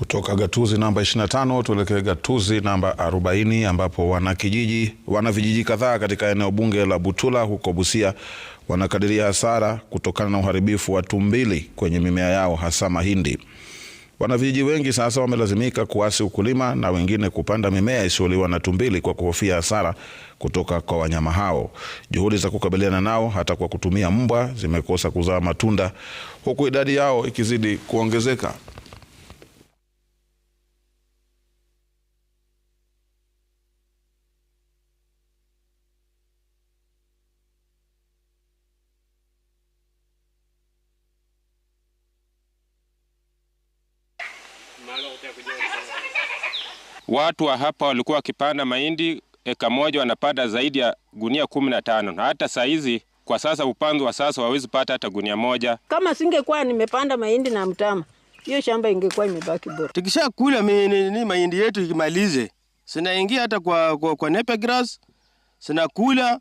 Kutoka gatuzi namba 25 tuelekee gatuzi namba 40 ambapo wanakijiji vijiji kadhaa katika eneo bunge la Butula huko Busia wanakadiria hasara kutokana na uharibifu wa tumbili kwenye mimea yao hasa mahindi. Wanavijiji wengi sasa wamelazimika kuasi ukulima na wengine kupanda mimea isiyoliwa na tumbili kwa kuhofia hasara kutoka kwa wanyama hao. Juhudi za kukabiliana nao hata kwa kutumia mbwa zimekosa kuzaa matunda huku idadi yao ikizidi kuongezeka. Watu wa hapa walikuwa wakipanda mahindi eka moja wanapata zaidi ya gunia kumi na tano na hata saa hizi kwa sasa upanzi wa sasa wawezi pata hata gunia moja. Kama singekuwa nimepanda mahindi na mtama, hiyo shamba ingekuwa imebaki bora. Tukisha kula ni mahindi yetu ikimalize, sinaingia hata kwa, kwa, kwa nepe grass sinakula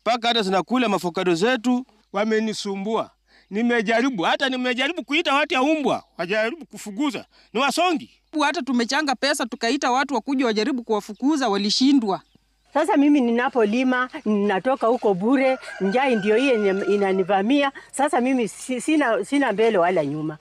mpaka hata sinakula mafokado zetu. Wamenisumbua nimejaribu hata nimejaribu kuita watu ya umbwa, wajaribu kufuguza ni wasongi, hata tumechanga pesa tukaita watu wakuja wajaribu kuwafukuza, walishindwa. Sasa mimi ninapolima ninatoka huko bure, njai ndio hiyo inanivamia sasa. Mimi sina, sina mbele wala nyuma.